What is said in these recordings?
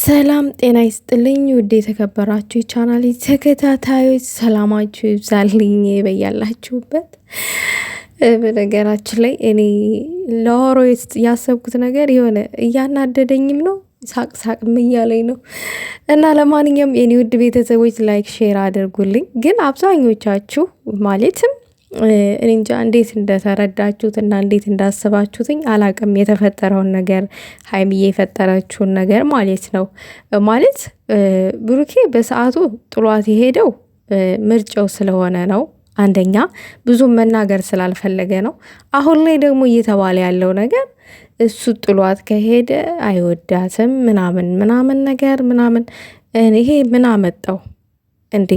ሰላም ጤና ይስጥልኝ ውድ የተከበራችሁ የቻናል ተከታታዮች ሰላማችሁ ይብዛልኝ በያላችሁበት። በነገራችን ላይ እኔ ለወሮ ያሰብኩት ነገር የሆነ እያናደደኝም ነው ሳቅ ሳቅ እያለኝ ነው። እና ለማንኛውም የኔ ውድ ቤተሰቦች ላይክ ሼር አድርጉልኝ። ግን አብዛኞቻችሁ ማለትም እኔ እንጃ እንዴት እንደተረዳችሁትና እንዴት እንዳስባችሁትኝ አላቅም። የተፈጠረውን ነገር ሀይሚዬ የፈጠረችውን ነገር ማለት ነው። ማለት ብሩኬ በሰዓቱ ጥሏት የሄደው ምርጫው ስለሆነ ነው። አንደኛ ብዙም መናገር ስላልፈለገ ነው። አሁን ላይ ደግሞ እየተባለ ያለው ነገር እሱ ጥሏት ከሄደ አይወዳትም ምናምን ምናምን ነገር ምናምን ይሄ ምን አመጣው እንዴ?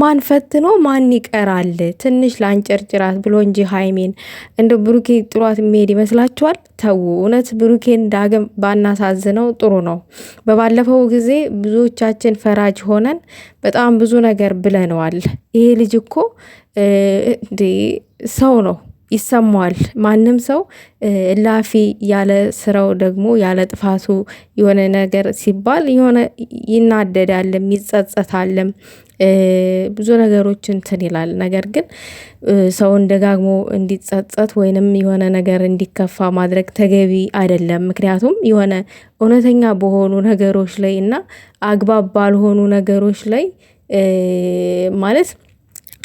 ማን ፈትኖ ማን ይቀራል? ትንሽ ላንጨርጭራት ብሎ እንጂ ሀይሜን እንደ ብሩኬ ጥሯት የሚሄድ ይመስላችኋል? ተዉ። እውነት ብሩኬን ዳግም ባናሳዝነው ጥሩ ነው። በባለፈው ጊዜ ብዙዎቻችን ፈራጅ ሆነን በጣም ብዙ ነገር ብለነዋል። ይሄ ልጅ እኮ ሰው ነው። ይሰማዋል። ማንም ሰው እላፊ ያለ ስራው ደግሞ ያለ ጥፋቱ የሆነ ነገር ሲባል የሆነ ይናደዳልም ይጸጸታልም ብዙ ነገሮች እንትን ይላል። ነገር ግን ሰውን ደጋግሞ እንዲጸጸት ወይንም የሆነ ነገር እንዲከፋ ማድረግ ተገቢ አይደለም። ምክንያቱም የሆነ እውነተኛ በሆኑ ነገሮች ላይ እና አግባብ ባልሆኑ ነገሮች ላይ ማለት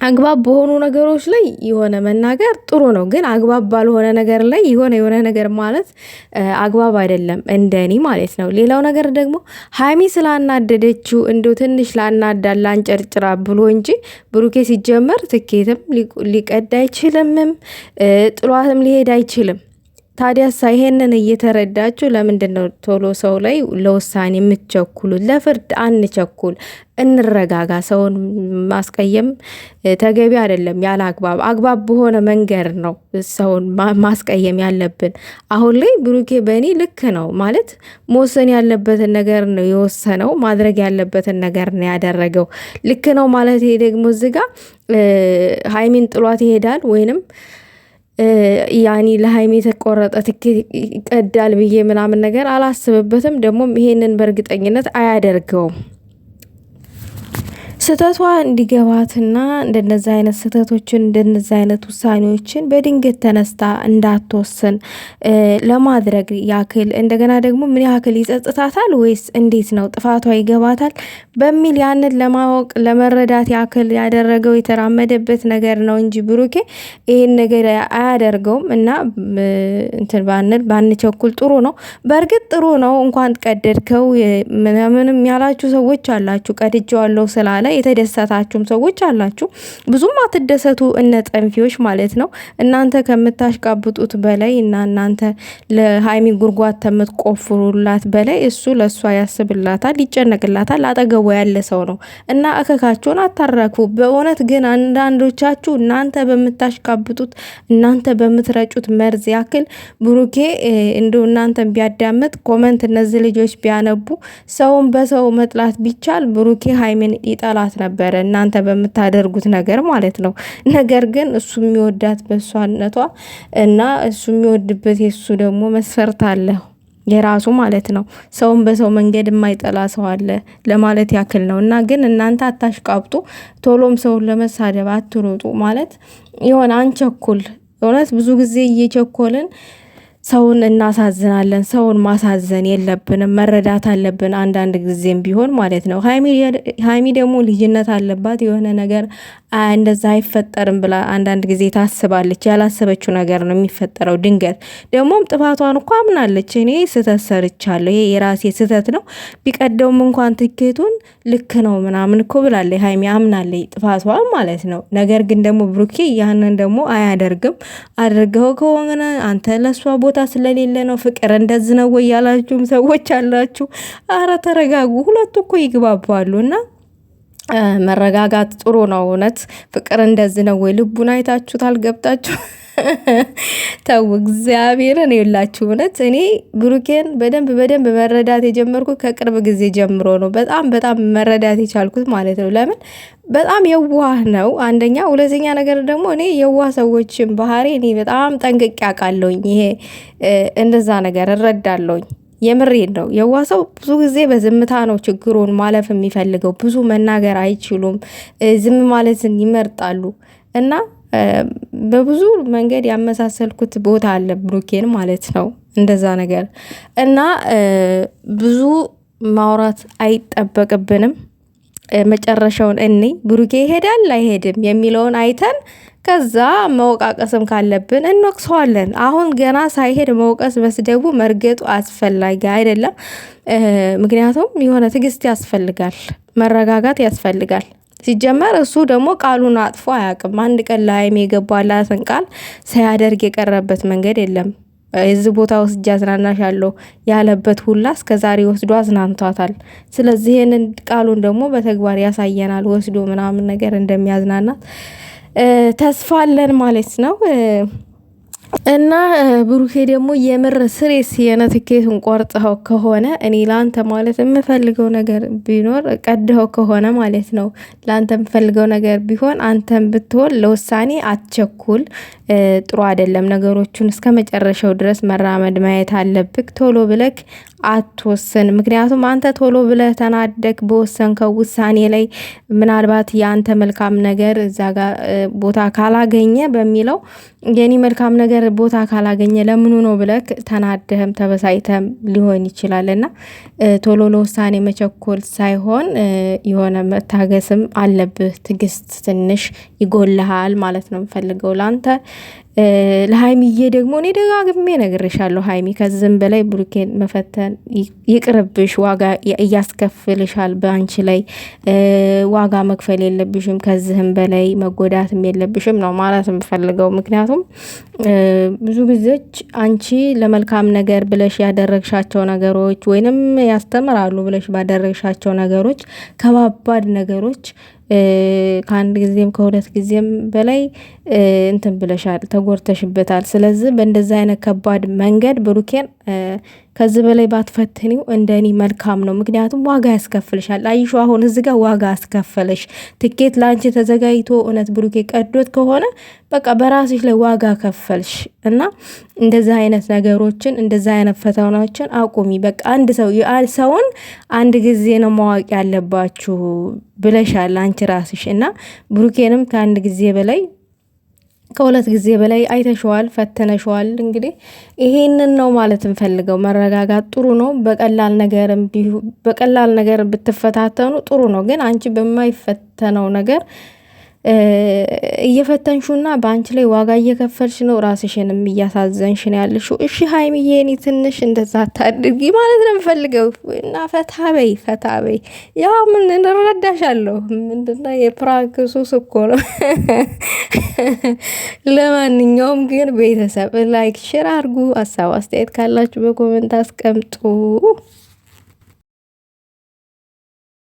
አግባብ በሆኑ ነገሮች ላይ የሆነ መናገር ጥሩ ነው፣ ግን አግባብ ባልሆነ ነገር ላይ የሆነ የሆነ ነገር ማለት አግባብ አይደለም፣ እንደኔ ማለት ነው። ሌላው ነገር ደግሞ ሀይሚ ስላናደደችው እንዶ ትንሽ ላናዳ ላንጨርጭራ ብሎ እንጂ ብሩኬ ሲጀመር ትኬትም ሊቀድ አይችልምም፣ ጥሏትም ሊሄድ አይችልም። ታዲያሳ ይሄንን እየተረዳችሁ ለምንድን ነው ቶሎ ሰው ላይ ለውሳኔ የምትቸኩሉት? ለፍርድ አንቸኩል፣ እንረጋጋ። ሰውን ማስቀየም ተገቢ አይደለም። ያለ አግባብ አግባብ በሆነ መንገድ ነው ሰውን ማስቀየም ያለብን። አሁን ላይ ብሩኬ በእኔ ልክ ነው ማለት መወሰን ያለበትን ነገር ነው የወሰነው፣ ማድረግ ያለበትን ነገር ነው ያደረገው። ልክ ነው ማለት ይሄ ደግሞ እዚጋ ሃይሚን ጥሏት ይሄዳል ወይንም ያኒ ለሀይሜ የተቆረጠ ትኬት ይቀዳል ብዬ ምናምን ነገር አላስብበትም። ደግሞ ይሄንን በእርግጠኝነት አያደርገውም። ስህተቷ እንዲገባትና እንደነዚ አይነት ስህተቶችን እንደነዚ አይነት ውሳኔዎችን በድንገት ተነስታ እንዳትወስን ለማድረግ ያክል እንደገና ደግሞ ምን ያክል ይጸጽታታል ወይስ እንዴት ነው ጥፋቷ ይገባታል በሚል ያንን ለማወቅ ለመረዳት ያክል ያደረገው የተራመደበት ነገር ነው እንጂ ብሩኬ ይህን ነገር አያደርገውም እና እንትን ባንል ባንቸኩል ጥሩ ነው። በእርግጥ ጥሩ ነው። እንኳን ቀደድከው ምንም ያላችሁ ሰዎች አላችሁ ቀድጄዋለሁ ስላለ የተደሰታችሁም ሰዎች አላችሁ። ብዙም አትደሰቱ እነ ጠንፊዎች ማለት ነው። እናንተ ከምታሽቃብጡት በላይ እና እናንተ ለሀይሚ ጉርጓት ከምትቆፍሩላት በላይ እሱ ለእሷ ያስብላታል፣ ይጨነቅላታል። አጠገቡ ያለ ሰው ነው እና እከካችሁን አታረኩ። በእውነት ግን አንዳንዶቻችሁ እናንተ በምታሽቃብጡት እናንተ በምትረጩት መርዝ ያክል ብሩኬ እንደ እናንተ ቢያዳምጥ ኮመንት እነዚህ ልጆች ቢያነቡ ሰውን በሰው መጥላት ቢቻል ብሩኬ ሀይሚን ይጠላል። ብሏት ነበረ፣ እናንተ በምታደርጉት ነገር ማለት ነው። ነገር ግን እሱ የሚወዳት በእሷነቷ እና እሱ የሚወድበት የሱ ደግሞ መስፈርት አለ የራሱ ማለት ነው። ሰውን በሰው መንገድ የማይጠላ ሰው አለ ለማለት ያክል ነው። እና ግን እናንተ አታሽቃብጡ፣ ቶሎም ሰውን ለመሳደብ አትሮጡ። ማለት የሆነ አንቸኩል እውነት ብዙ ጊዜ እየቸኮልን ሰውን እናሳዝናለን። ሰውን ማሳዘን የለብንም፣ መረዳት አለብን። አንዳንድ ጊዜም ቢሆን ማለት ነው። ሀይሚ ደግሞ ልጅነት አለባት። የሆነ ነገር እንደዛ አይፈጠርም ብላ አንዳንድ ጊዜ ታስባለች። ያላሰበችው ነገር ነው የሚፈጠረው። ድንገት ደግሞም ጥፋቷን እኮ አምናለች። እኔ ስህተት ሰርቻለሁ፣ ይሄ የራሴ ስህተት ነው፣ ቢቀደውም እንኳን ትኬቱን ልክ ነው ምናምን እኮ ብላለች። ሀይሚ አምናለች ጥፋቷን ማለት ነው። ነገር ግን ደግሞ ብሩኬ ያንን ደግሞ አያደርግም። አድርገው ከሆነ አንተ ለሷ ቦታ ቦታ ስለሌለ ነው ፍቅር እንደዚ ነው ወይ ያላችሁም ሰዎች አላችሁ። አረ ተረጋጉ። ሁለቱ እኮ ይግባባሉ እና መረጋጋት ጥሩ ነው። እውነት ፍቅር እንደዚህ ነው ወይ? ልቡን አይታችሁታል? ገብታችሁ ተው እግዚአብሔርን የላችሁ እውነት እኔ ብሩኬን በደንብ በደንብ መረዳት የጀመርኩት ከቅርብ ጊዜ ጀምሮ ነው። በጣም በጣም መረዳት የቻልኩት ማለት ነው። ለምን በጣም የዋህ ነው አንደኛ። ሁለተኛ ነገር ደግሞ እኔ የዋህ ሰዎችን ባህሪ እኔ በጣም ጠንቅቄ አውቃለሁኝ። ይሄ እንደዛ ነገር እረዳለሁኝ። የምሬን ነው። የዋ ሰው ብዙ ጊዜ በዝምታ ነው ችግሩን ማለፍ የሚፈልገው። ብዙ መናገር አይችሉም። ዝም ማለትን ይመርጣሉ እና በብዙ መንገድ ያመሳሰልኩት ቦታ አለ ብሩኬን ማለት ነው። እንደዛ ነገር እና ብዙ ማውራት አይጠበቅብንም። መጨረሻውን እኔ ብሩኬ ይሄዳል አይሄድም የሚለውን አይተን ከዛ መወቃቀስም ካለብን እንወቅሰዋለን። አሁን ገና ሳይሄድ መውቀስ፣ መስደቡ፣ መርገጡ አስፈላጊ አይደለም። ምክንያቱም የሆነ ትዕግስት ያስፈልጋል፣ መረጋጋት ያስፈልጋል። ሲጀመር እሱ ደግሞ ቃሉን አጥፎ አያውቅም። አንድ ቀን ለሀይሚ የገባላትን ቃል ሳያደርግ የቀረበት መንገድ የለም። የዚህ ቦታ ወስጄ አዝናናሻለሁ ያለበት ሁላ እስከ ዛሬ ወስዶ አዝናንቷታል። ስለዚህ ይህንን ቃሉን ደግሞ በተግባር ያሳየናል፣ ወስዶ ምናምን ነገር እንደሚያዝናናት ተስፋ አለን ማለት ነው። እና ብሩኬ ደግሞ የምር ስሬስ የነ ትኬቱን ከሆነ እኔ ለአንተ ማለት የምፈልገው ነገር ቢኖር ቀድኸው ከሆነ ማለት ነው፣ ለአንተ የምፈልገው ነገር ቢሆን አንተም ብትሆን ለውሳኔ አትቸኩል። ጥሩ አይደለም። ነገሮቹን እስከ መጨረሻው ድረስ መራመድ ማየት አለብክ። ቶሎ ብለክ አትወስን። ምክንያቱም አንተ ቶሎ ብለህ ተናደክ በወሰንከው ውሳኔ ላይ ምናልባት የአንተ መልካም ነገር እዛ ጋር ቦታ ካላገኘ በሚለው የኔ መልካም ነገር ቦታ ካላገኘ ለምኑ ነው ብለክ ተናደህም ተበሳይተም ሊሆን ይችላል እና ቶሎ ለውሳኔ መቸኮል ሳይሆን የሆነ መታገስም አለብህ። ትግስት ትንሽ ይጎልሃል ማለት ነው የምፈልገው ለአንተ ለሀይሚዬ ደግሞ እኔ ደጋግሜ ነግርሻለሁ፣ ሀይሚ ከዝም በላይ ብሩኬን መፈተን ይቅርብሽ። ዋጋ እያስከፍልሻል፣ በአንቺ ላይ ዋጋ መክፈል የለብሽም፣ ከዚህም በላይ መጎዳትም የለብሽም ነው ማለት የምፈልገው። ምክንያቱም ብዙ ጊዜዎች አንቺ ለመልካም ነገር ብለሽ ያደረግሻቸው ነገሮች ወይንም ያስተምራሉ ብለሽ ባደረግሻቸው ነገሮች ከባባድ ነገሮች ከአንድ ጊዜም ከሁለት ጊዜም በላይ እንትን ብለሻል ተጎድተሽበታል። ስለዚህ በእንደዚህ አይነት ከባድ መንገድ ብሩኬን ከዚህ በላይ ባትፈትኒው እንደ እኔ መልካም ነው። ምክንያቱም ዋጋ ያስከፍልሻል። አይሹ አሁን እዚ ጋር ዋጋ አስከፈለሽ። ትኬት ለአንቺ ተዘጋጅቶ እውነት ብሩኬ ቀዶት ከሆነ በቃ በራስሽ ላይ ዋጋ ከፈልሽ እና እንደዚህ አይነት ነገሮችን እንደዚህ አይነት ፈተናዎችን አቁሚ። በቃ አንድ ሰው ሰውን አንድ ጊዜ ነው ማዋቂ ያለባችሁ ብለሻል አንቺ ራስሽ እና ብሩኬንም ከአንድ ጊዜ በላይ ከሁለት ጊዜ በላይ አይተሸዋል፣ ፈተነሸዋል። እንግዲህ ይሄንን ነው ማለት እንፈልገው። መረጋጋት ጥሩ ነው። በቀላል ነገር ብትፈታተኑ ጥሩ ነው። ግን አንቺ በማይፈተነው ነገር እየፈተንሹና በአንቺ ላይ ዋጋ እየከፈልሽ ነው፣ ራስሽንም እያሳዘንሽ ነው ያለሽው። እሺ ሀይሚዬ፣ እኔ ትንሽ እንደዛ ታድርጊ ማለት ነው የምፈልገው እና ፈታ በይ ፈታ በይ። ያው ምን እንረዳሻለሁ። ምንድና የፕራንክ ሱስ እኮ ነው። ለማንኛውም ግን ቤተሰብ ላይክ፣ ሽር አድርጉ። ሀሳብ አስተያየት ካላችሁ በኮመንት አስቀምጡ።